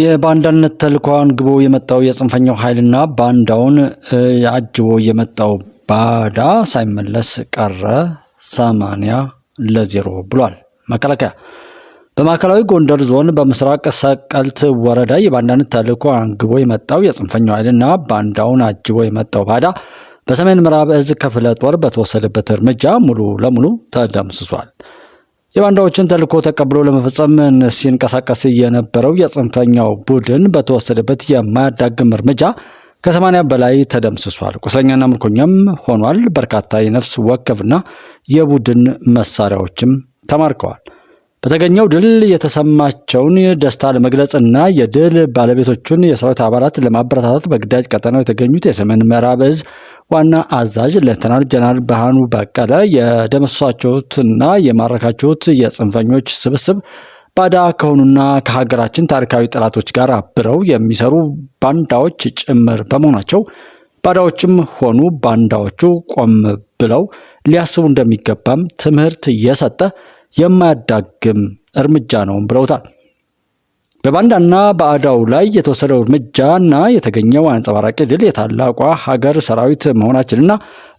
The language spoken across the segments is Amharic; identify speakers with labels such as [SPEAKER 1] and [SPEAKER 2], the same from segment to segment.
[SPEAKER 1] የባንዳነት ተልኳን ግቦ የመጣው የጽንፈኛው ኃይልና ባንዳውን አጅቦ የመጣው ባዳ ሳይመለስ ቀረ ሰማንያ ለዜሮ ብሏል መከላከያ። በማዕከላዊ ጎንደር ዞን በምስራቅ ሰቀልት ወረዳ የባንዳነት ተልኮ አንግቦ የመጣው የጽንፈኛው ኃይልና ባንዳውን አጅቦ የመጣው ባዳ በሰሜን ምዕራብ እዝ ክፍለ ጦር በተወሰደበት እርምጃ ሙሉ ለሙሉ ተደምስሷል። የባንዳዎችን ተልዕኮ ተቀብሎ ለመፈጸም ሲንቀሳቀስ የነበረው የጽንፈኛው ቡድን በተወሰደበት የማያዳግም እርምጃ ከሰማንያ በላይ ተደምስሷል። ቁስለኛና ምርኮኛም ሆኗል። በርካታ የነፍስ ወከፍና የቡድን መሳሪያዎችም ተማርከዋል። በተገኘው ድል የተሰማቸውን ደስታ ለመግለጽና የድል ባለቤቶቹን የሰራዊት አባላት ለማበረታታት በግዳጅ ቀጠናው የተገኙት የሰሜን ምዕራብ እዝ ዋና አዛዥ ሌተናል ጀነራል ብርሃኑ በቀለ የደመሰሳችሁትና የማረካችሁት የጽንፈኞች ስብስብ ባዳ ከሆኑና ከሀገራችን ታሪካዊ ጠላቶች ጋር አብረው የሚሰሩ ባንዳዎች ጭምር በመሆናቸው ባዳዎችም ሆኑ ባንዳዎቹ ቆም ብለው ሊያስቡ እንደሚገባም ትምህርት እየሰጠ የማያዳግም እርምጃ ነው ብለውታል። በባንዳና በአዳው ላይ የተወሰደው እርምጃና የተገኘው አንጸባራቂ ድል የታላቋ ሀገር ሰራዊት መሆናችንና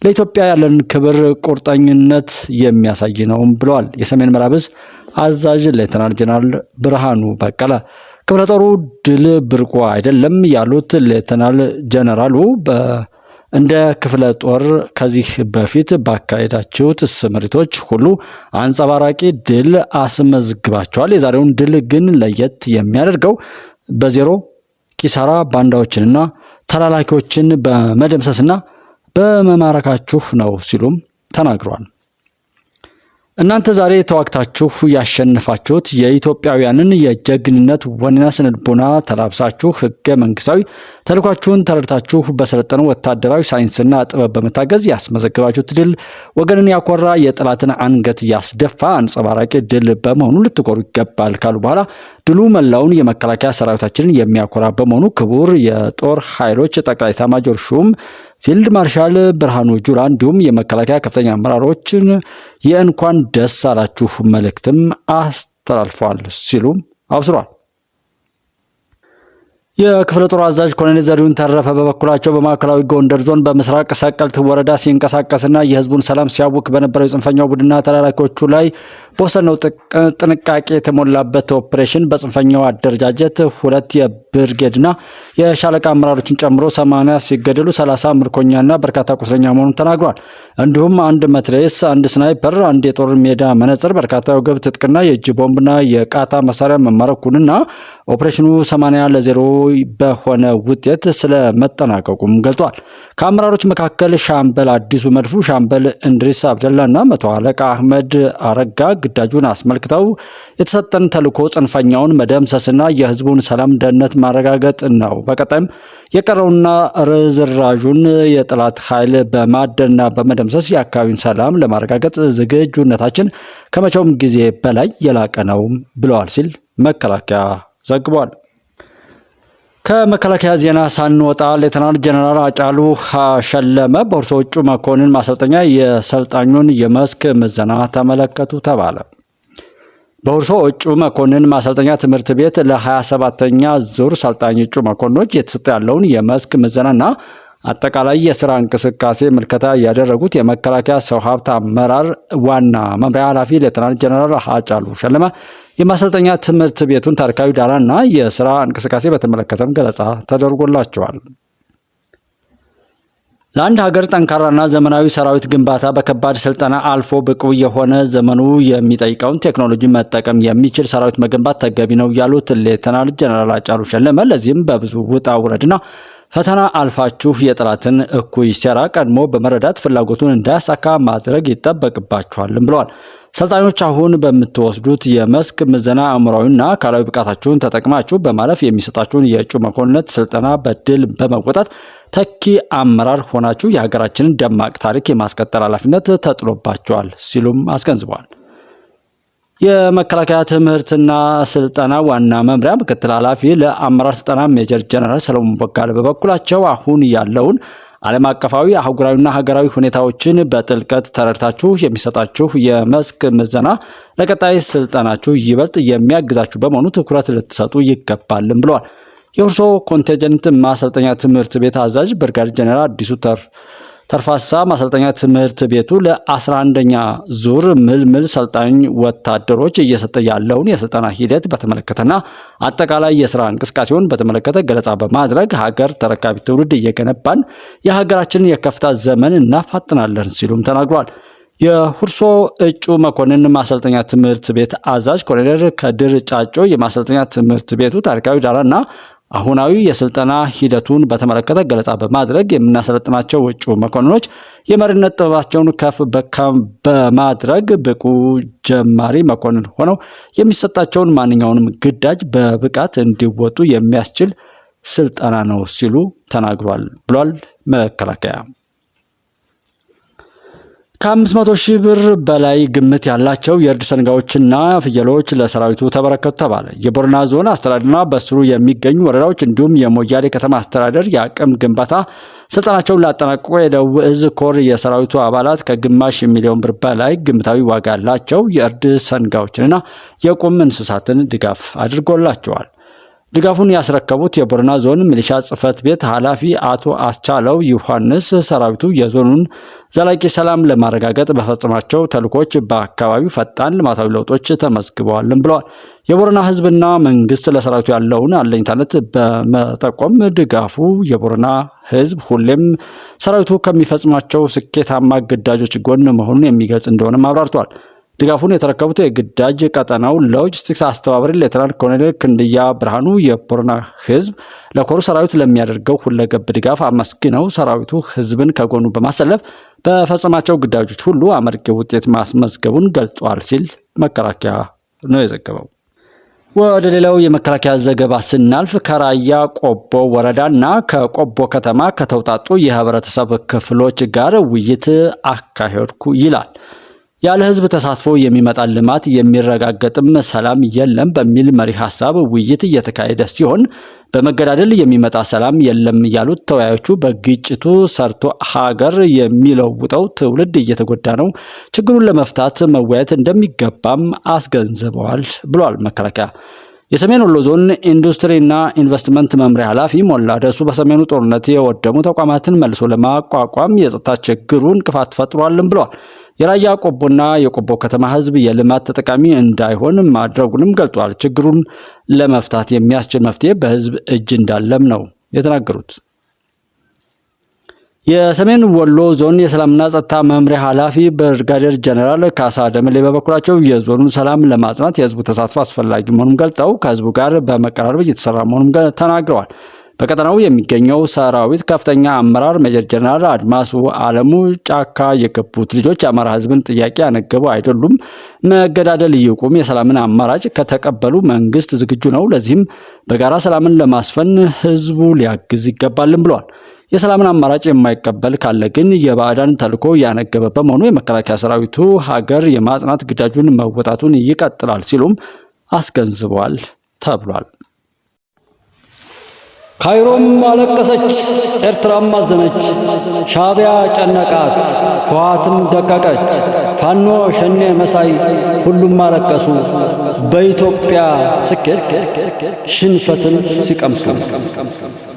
[SPEAKER 1] ለኢትዮጵያ ያለን ክብር ቁርጠኝነት የሚያሳይ ነውም ብለዋል። የሰሜን መራብዝ አዛዥ ሌተናል ጀነራል ብርሃኑ በቀለ ክብረ ጦሩ ድል ብርቋ አይደለም ያሉት ሌተናል ጀነራሉ እንደ ክፍለ ጦር ከዚህ በፊት ባካሄዳችሁት ስምሪቶች ሁሉ አንጸባራቂ ድል አስመዝግባችኋል። የዛሬውን ድል ግን ለየት የሚያደርገው በዜሮ ኪሳራ ባንዳዎችንና ተላላኪዎችን በመደምሰስና በመማረካችሁ ነው ሲሉም ተናግሯል። እናንተ ዛሬ ተዋግታችሁ ያሸነፋችሁት የኢትዮጵያውያንን የጀግንነት ወኔና ስነልቦና ተላብሳችሁ ህገ መንግስታዊ ተልኳችሁን ተረድታችሁ በሰለጠኑ ወታደራዊ ሳይንስና ጥበብ በመታገዝ ያስመዘግባችሁት ድል ወገንን ያኮራ የጠላትን አንገት ያስደፋ አንጸባራቂ ድል በመሆኑ ልትኮሩ ይገባል ካሉ በኋላ ድሉ መላውን የመከላከያ ሰራዊታችንን የሚያኮራ በመሆኑ ክቡር የጦር ኃይሎች ጠቅላይ ኤታማዦር ሹም ፊልድ ማርሻል ብርሃኑ ጁላ እንዲሁም የመከላከያ ከፍተኛ አመራሮችን የእንኳን ደስ አላችሁ መልእክትም አስተላልፏል ሲሉም አብስሯል። የክፍለ ጦር አዛዥ ኮሎኔል ዘሪሁን ተረፈ በበኩላቸው በማዕከላዊ ጎንደር ዞን በምስራቅ ሰቀልት ወረዳ ሲንቀሳቀስና የህዝቡን ሰላም ሲያውክ በነበረው የጽንፈኛው ቡድንና ተላላኪዎቹ ላይ በወሰነው ጥንቃቄ የተሞላበት ኦፕሬሽን በጽንፈኛው አደረጃጀት ሁለት የብርጌድና የሻለቃ አመራሮችን ጨምሮ 80 ሲገደሉ 30 ምርኮኛና በርካታ ቁስለኛ መሆኑን ተናግሯል። እንዲሁም አንድ መትሬስ አንድ ስናይፐር፣ አንድ የጦር ሜዳ መነጽር፣ በርካታ የወገብ ትጥቅና የእጅ ቦምብና የቃታ መሳሪያ መማረኩንና ኦፕሬሽኑ 80 ለዜሮ ሰላማዊ በሆነ ውጤት ስለ ገልጧል። ከአመራሮች መካከል ሻምበል አዲሱ መድፉ፣ ሻምበል እንድሪስ አብደላ እና መቶ አለቃ አህመድ አረጋ ግዳጁን አስመልክተው የተሰጠን ተልዕኮ ጽንፈኛውን መደምሰስና የህዝቡን ሰላም ደህንነት ማረጋገጥ ነው። በቀጣይም የቀረውና ርዝራዡን የጠላት ኃይል በማደንና በመደምሰስ የአካባቢውን ሰላም ለማረጋገጥ ዝግጁነታችን ከመቼውም ጊዜ በላይ የላቀ ነው ብለዋል ሲል መከላከያ ዘግቧል። ከመከላከያ ዜና ሳንወጣ ሌተናንት ጀነራል አጫሉ ሸለመ ቦርሶ እጩ መኮንን ማሰልጠኛ የሰልጣኙን የመስክ ምዘና ተመለከቱ ተባለ። ቦርሶ እጩ መኮንን ማሰልጠኛ ትምህርት ቤት ለ 27 ተኛ ዙር ሰልጣኝ እጩ መኮንኖች የተሰጠ ያለውን የመስክ ምዘናና አጠቃላይ የስራ እንቅስቃሴ ምልከታ ያደረጉት የመከላከያ ሰው ሀብት አመራር ዋና መምሪያ ኃላፊ ሌተናንት ጀነራል ሀጫሉ ሸለማ የማሰልጠኛ ትምህርት ቤቱን ታሪካዊ ዳራና የስራ እንቅስቃሴ በተመለከተም ገለጻ ተደርጎላቸዋል። ለአንድ ሀገር ጠንካራና ዘመናዊ ሰራዊት ግንባታ በከባድ ስልጠና አልፎ ብቁ የሆነ ዘመኑ የሚጠይቀውን ቴክኖሎጂ መጠቀም የሚችል ሰራዊት መገንባት ተገቢ ነው ያሉት ሌተናል ጀነራል አጫሉ ሸለመ ለዚህም በብዙ ውጣ ውረድና ፈተና አልፋችሁ የጠላትን እኩይ ሴራ ቀድሞ በመረዳት ፍላጎቱን እንዳያሳካ ማድረግ ይጠበቅባችኋልም ብለዋል። ሰልጣኞች አሁን በምትወስዱት የመስክ ምዘና አእምሯዊና አካላዊ ብቃታችሁን ተጠቅማችሁ በማለፍ የሚሰጣችሁን የእጩ መኮንነት ስልጠና በድል በመወጣት ተኪ አመራር ሆናችሁ የሀገራችንን ደማቅ ታሪክ የማስቀጠል ኃላፊነት ተጥሎባቸዋል ሲሉም አስገንዝበዋል። የመከላከያ ትምህርትና ስልጠና ዋና መምሪያ ምክትል ኃላፊ ለአመራር ስልጠና ሜጀር ጀነራል ሰለሞን ቦጋለ በበኩላቸው አሁን ያለውን ዓለም አቀፋዊ አህጉራዊና ሀገራዊ ሁኔታዎችን በጥልቀት ተረድታችሁ የሚሰጣችሁ የመስክ ምዘና ለቀጣይ ስልጠናችሁ ይበልጥ የሚያግዛችሁ በመሆኑ ትኩረት ልትሰጡ ይገባልም ብለዋል። የእርሶ ኮንቴጀንት ማሰልጠኛ ትምህርት ቤት አዛዥ ብርጋዴር ጀነራል አዲሱ ተር ተርፋሳ ማሰልጠኛ ትምህርት ቤቱ ለ11ኛ ዙር ምልምል ሰልጣኝ ወታደሮች እየሰጠ ያለውን የስልጠና ሂደት በተመለከተና አጠቃላይ የስራ እንቅስቃሴውን በተመለከተ ገለጻ በማድረግ ሀገር ተረካቢ ትውልድ እየገነባን የሀገራችንን የከፍታ ዘመን እናፋጥናለን ሲሉም ተናግሯል። የሁርሶ እጩ መኮንን ማሰልጠኛ ትምህርት ቤት አዛዥ ኮሎኔል ከድር ጫጮ የማሰልጠኛ ትምህርት ቤቱ ታሪካዊ ዳራና አሁናዊ የስልጠና ሂደቱን በተመለከተ ገለጻ በማድረግ የምናሰለጥናቸው እጩ መኮንኖች የመሪነት ጥበባቸውን ከፍ በማድረግ ብቁ ጀማሪ መኮንን ሆነው የሚሰጣቸውን ማንኛውንም ግዳጅ በብቃት እንዲወጡ የሚያስችል ስልጠና ነው ሲሉ ተናግሯል ብሏል መከላከያ። ከ500 ሺህ ብር በላይ ግምት ያላቸው የእርድ ሰንጋዎችና ፍየሎች ለሰራዊቱ ተበረከቱ ተባለ። የቦረና ዞን አስተዳደርና በስሩ የሚገኙ ወረዳዎች እንዲሁም የሞያሌ ከተማ አስተዳደር የአቅም ግንባታ ስልጠናቸውን ላጠናቅቆ የደቡብ እዝ ኮር የሰራዊቱ አባላት ከግማሽ ሚሊዮን ብር በላይ ግምታዊ ዋጋ ያላቸው የእርድ ሰንጋዎችንና የቁም እንስሳትን ድጋፍ አድርጎላቸዋል። ድጋፉን ያስረከቡት የቦረና ዞን ሚሊሻ ጽህፈት ቤት ኃላፊ አቶ አስቻለው ዮሐንስ ሰራዊቱ የዞኑን ዘላቂ ሰላም ለማረጋገጥ በፈጸማቸው ተልኮች በአካባቢው ፈጣን ልማታዊ ለውጦች ተመዝግበዋልም ብለዋል። የቦረና ህዝብና መንግስት ለሰራዊቱ ያለውን አለኝታነት በመጠቆም ድጋፉ የቦረና ህዝብ ሁሌም ሰራዊቱ ከሚፈጽማቸው ስኬታማ ግዳጆች ጎን መሆኑን የሚገልጽ እንደሆነም አብራርተዋል። ድጋፉን የተረከቡት የግዳጅ ቀጠናው ሎጂስቲክስ አስተባባሪ ሌተናል ኮሎኔል ክንድያ ብርሃኑ የቦረና ህዝብ ለኮሩ ሰራዊት ለሚያደርገው ሁለገብ ድጋፍ አመስግነው ሰራዊቱ ህዝብን ከጎኑ በማሰለፍ በፈጸማቸው ግዳጆች ሁሉ አመርቂ ውጤት ማስመዝገቡን ገልጿል ሲል መከላከያ ነው የዘገበው። ወደ ሌላው የመከላከያ ዘገባ ስናልፍ ከራያ ቆቦ ወረዳ ና ከቆቦ ከተማ ከተውጣጡ የህብረተሰብ ክፍሎች ጋር ውይይት አካሄድኩ ይላል። ያለ ህዝብ ተሳትፎ የሚመጣ ልማት የሚረጋገጥም ሰላም የለም በሚል መሪ ሀሳብ ውይይት እየተካሄደ ሲሆን በመገዳደል የሚመጣ ሰላም የለም ያሉት ተወያዮቹ በግጭቱ ሰርቶ ሀገር የሚለውጠው ትውልድ እየተጎዳ ነው፣ ችግሩን ለመፍታት መወያየት እንደሚገባም አስገንዝበዋል ብሏል መከላከያ። የሰሜን ወሎ ዞን ኢንዱስትሪና ኢንቨስትመንት መምሪያ ኃላፊ ሞላ ደሱ በሰሜኑ ጦርነት የወደሙ ተቋማትን መልሶ ለማቋቋም የጸጥታ ችግሩ እንቅፋት ፈጥሯልም ብለዋል። የራያ ቆቦና የቆቦ ከተማ ህዝብ የልማት ተጠቃሚ እንዳይሆን ማድረጉንም ገልጧል። ችግሩን ለመፍታት የሚያስችል መፍትሄ በህዝብ እጅ እንዳለም ነው የተናገሩት። የሰሜን ወሎ ዞን የሰላምና ጸጥታ መምሪያ ኃላፊ ብርጋዴር ጀነራል ካሳ ደምሌ በበኩላቸው የዞኑን ሰላም ለማጽናት የህዝቡ ተሳትፎ አስፈላጊ መሆኑን ገልጠው ከህዝቡ ጋር በመቀራረብ እየተሰራ መሆኑን ተናግረዋል። በቀጠናው የሚገኘው ሰራዊት ከፍተኛ አመራር ሜጀር ጀነራል አድማሱ አለሙ ጫካ የገቡት ልጆች የአማራ ህዝብን ጥያቄ ያነገቡ አይደሉም፣ መገዳደል ይቁም፣ የሰላምን አማራጭ ከተቀበሉ መንግስት ዝግጁ ነው፣ ለዚህም በጋራ ሰላምን ለማስፈን ህዝቡ ሊያግዝ ይገባልን ብለዋል። የሰላምን አማራጭ የማይቀበል ካለ ግን የባዕዳን ተልዕኮ ያነገበ በመሆኑ የመከላከያ ሰራዊቱ ሀገር የማጽናት ግዳጁን መወጣቱን ይቀጥላል ሲሉም አስገንዝበዋል ተብሏል።
[SPEAKER 2] ካይሮም አለቀሰች፣ ኤርትራም አዘነች። ሻቢያ ጨነቃት፣ ህወሓትም ደቀቀች። ፋኖ ሸኔ መሳይ ሁሉም አለቀሱ፣ በኢትዮጵያ ስኬት ሽንፈትን ሲቀምሱ